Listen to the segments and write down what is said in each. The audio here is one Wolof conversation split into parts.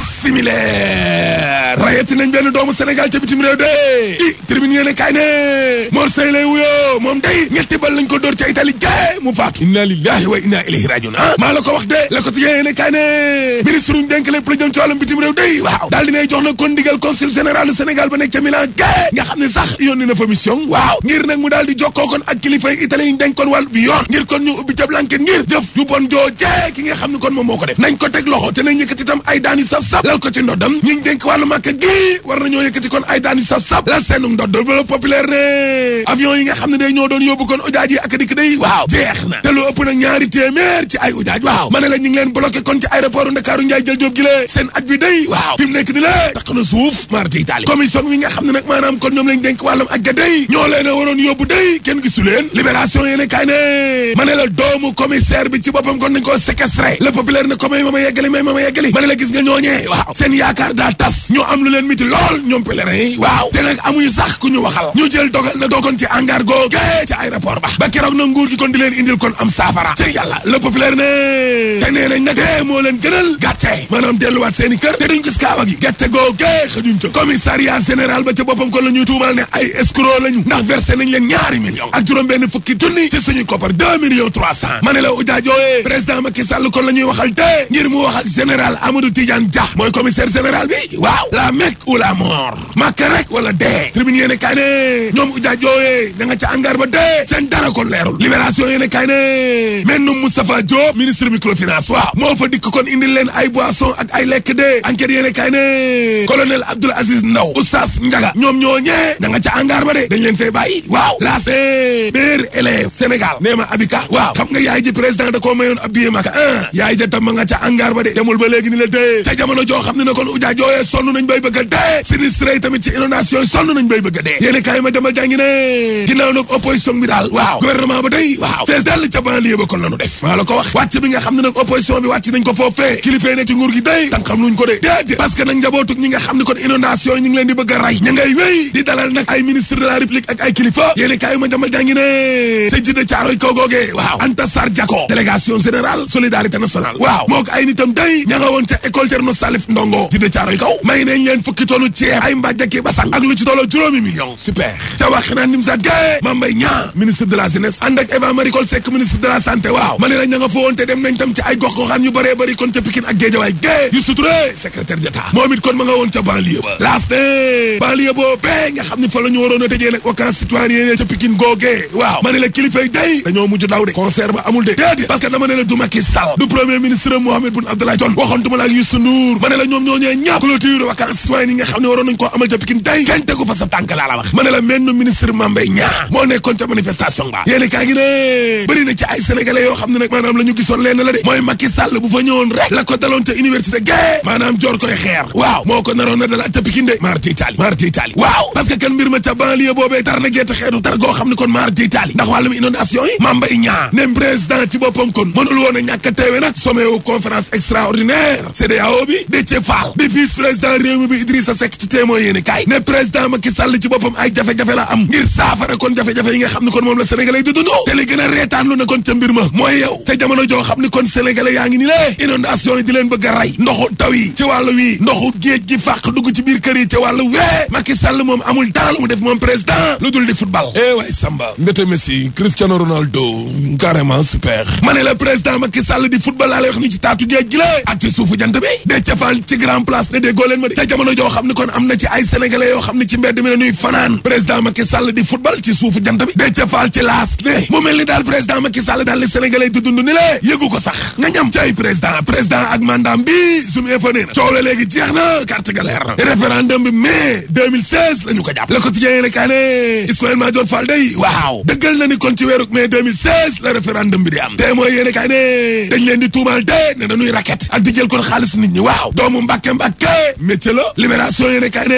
Facsimile! Dakar rayati nañ benn doomu Sénégal ca bitim réew de i tribune yéen a kaay ne Mor Sey lay wuyoo moom day ñetti ko dóor ca Italie jaay mu faatu inna lillahi wa inna ilayhi rajiun ah, maa la ko wax de la ko tijee yéen a kaay ne ministre ñu dénk lépp la jëm ci wàllum jox na kon ndigal consul général du Sénégal ba nekk ca Milan gay nga xam ne sax yónni na ngir mu daal di jokkoo kon ak kilifa yi Italie ñu dénk kon wàll bi yoon ngir kon ñu ubbi ca blanket ngir jëf joo jee ki nga xam ne kon moom moo ko def nañ ko teg loxo te nañ yëkkati tam ay daani ko ci ndoddam ñi Mbàkke gi war nañoo yëkkati kon ay daan yu saf saf la seenum ndox développement populaire ne avion yi nga xam ne day ñoo doon yóbbu kon ujaaj yi ak dikk day waaw jeex na te lu ëpp na ñaari téeméer ci ay ujaaj waaw ma ne la ñu ngi leen bloqué kon ci aéroport Ndakaaru Njaay jël jóob gi lée seen aj bi day waaw fi mu nekk ni lée tax na suuf mar di itaali commission bi nga xam ne nag maanaam kon ñoom lañ dénk wàllam ak ga day ñoo leen a waroon yóbbu day kenn gisu leen libération yéene kaay ne ma ne la doomu commissaire bi ci boppam kon dañ koo séquestré le populaire ne ko may ma ma yeggali may ma ma yeggali ma ne la gis nga ñooñee waaw seen yaakaar daa tas am lu leen miti lool ñoom pèlerin waaw te nag amuñu sax ku ñu waxal ñu jël dogal na doogoon ci angar googu ci ay aéroport ba ba keroog na nguur gi kon di leen indil kon am saafara ci yàlla le populaire ne te nee nañ nag dee eh moo leen gënal gàcce maanaam delluwaat seen i kër te duñ gis kaawa gi gàcce googe xëjuñ ca commissariat général ba ca boppam kon la ñuy tuumal ne ay escroc lañu ndax versé nañ leen ñaari millions ak juróom benn fukki junni ci suñuy koppar deux millions trois cent ma ne Sall kon la waxal tee ngir mu wax ak général Amadou Tidiane Dia mooy commissaire seen dara kon leerul libération yéen a kay ne mennum Moustapha Diop ministre microfinance waaw moo fa dikk kon indil ay boisson ak ay lekk de enquête yéen a kay ne Aziz Ndaw oustaz Ndiaga ñoom ñoo ñee angaar ba de dañ leen fay bàyyi waaw laas eh, élève Sénégal néma Abika waaw xam nga yaay ji président da ko mayoon ab billet ah yaay ja tam nga ca angaar ba de demul ba léegi ni la dee ca jamono joo xam ne ne kon ujaa jooyee sonn nañ bay bëgg a dee tamit ci inondation sonn nañ bay bëgg a dee yéeni kaay ma demal jàngi ne ginnaaw nag opposition bi daal waaw gouvernement ba day waaw fees dell ca banlieue ba kon la nu def maa la ko wax wàcc bi nga xam ne nag opposition bi wàcc nañ ko foofee kilifee ne ci nguur gi day tan xam luñ ko dee déedéet parce que nag njabootug ñi nga xam ne kon inondation ñu ngi leen di bëgg a rey ña ngay wéy di dalal nag ay ministre de la république ak ay kilifa yéeni kaay ma demal jàngi ne sa jidda caaroy kaw googee waaw Anta Sarr Diako délégation générale solidarité nationale waaw moo ay nitam day ña woon ca école Thierno Salif Ndongo jidda caaroy kaw may nañ leen fukki tonu ceeb ay mbàjjaki basal ak lu ci tolloo juróomi million super ca wax naan nim saat gae Mame ministre de la jeunesse ànd Eva Marie Coll ministre de la santé waaw ma ne la woon te dem nañ tam ci ay gox goxaan yu bëree bëri kon ca Pikine ak Guédiawaye a ma ne ministre Mohamed Boun moo nekkoon ca manifestation ba yéen kaa ngi ne bëri ci ay sénégalais yoo xam ne maanaam la gisoon lenn la de mooy Macky Sall bu fa ñëwoon rek la ko daloon ca université gay maanaam joor koy xeer waaw moo ko naroon na dalaat ca Pikine de mardi Italie mardi waaw parce que mbir ma ca banlieue boobee tar na gerte xeetu tar goo xam ne kon mardi Italie yi ndax wàllum inondation yi Mame Mbaye Niang ne président ci boppam kon mënul woon a ñàkk a teewe nag sommet wu conférence extraordinaire CEDEAO bi Déthié Fall di vice président réew mi bi Idrissa Seck ci témoins yéeni ne président Macky Sall ci boppam ay jafe-jafe la am ngir saafara kon jafe-jafe yi nga xam ne kon moom la sénégalais di dund te li gën a reetaan lu ne kon ca mbir ma mooy yow te jamono joo xam ne kon sénégalais yaa ngi ni lee inondation yi di leen dugg ci biir kër yi ci wàllu wee moom amul dara lu mu def moom président lu dul di Messi Cristiano Ronaldo carrément super ma ne la président Macky di football laa ni ci taatu géej gi ak ci suufu jant bi Déthié Fall ci grand place ne déggoo leen ma di ca jamono joo xam ne kon am na ci ay sénégalais yoo xam ne ci mbedd mi la ñuy fanaan président Macky Sall di football ci suufu jant bi Déthié Fall ci laas ne mu mel ni daal président Macky Sall daal li sénégalais di dund ni yëgu ko sax nga ñam cay président président ak mandaam bi su mu fa nee na coow la léegi jeex na na référendum bi mai ko jàpp le la référendum bi di am te mooy yéene te ne dañuy raket ak di jël kon xaalis nit waaw doomu Mbàkke Mbàkke métier la libération yéene kaay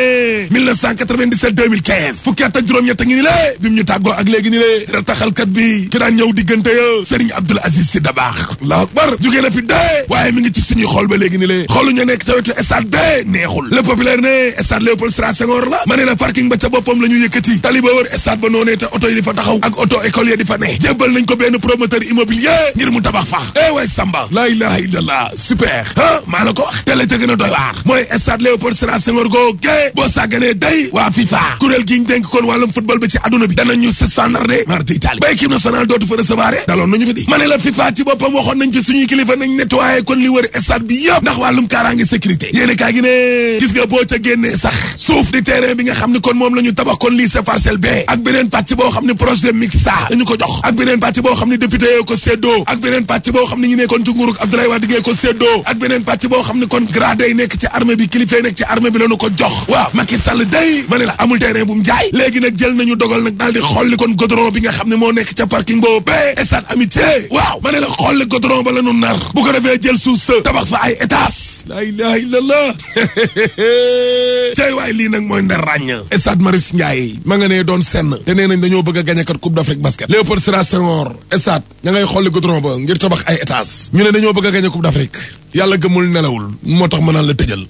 fukki at ak juróom-ñett ngi bi mu ñu ak léegi ni lée rataxalkat bi ki daan ñëw diggante yo Serigne Abdoul Aziz Sy Dabakh Allahu akbar ba ne stade Léopold Sédar Senghor la ma la parking ba ca boppam la ñu yëkkati tali ba wër ba noonee te oto yi fa taxaw ak auto école ya di fa ne jébbal nañ ko benn promoteur immobilier ngir mu tabax fa eh way samba laa la ko wax te la ca gën a doy waar mooy boo sàgganee day waa FIFA kuréel ñu dénk kon wàllum football ba ci aduna fa ci boo xam ne kon moom la ñu tabax kon lii sa parcelle b ak beneen pàcc boo xam ne projet Malick Sarr dañu ko jox ak beneen parti boo xam député ko séddoo ak beneen parti boo xam ñu nekkoon ci nguurug Abdoulaye Wade gee ko séddoo ak beneen parti boo xam kon grade yi nekk ci armée bi kilifa nekk ci armée bi lañu ko jox waaw Macky Sall day ma amul terrain bu mu jaay léegi nag jël nañu dogal nag daal xolli kon goudron bi nga xam ne nekk ca parking boobu stade amitié waaw ma xolli goudron ba lañu nar bu ko defee jël suuf tabax fa ay étage laa ilaha illallah cay waay lii nag mooy ndar ràññ stade Marius Ndiaye ma nga ne doon senn te nee nañ dañoo bëgg a gañekat coupe d'Afrique basket Léopold Sédar Senghor stade ña ngay xolli goudron ba ngir tabax ay étage ñu ne dañoo bëgg a gañe coupe d'Afrique yàlla gëmul nelawul moo tax ma naan la tëjal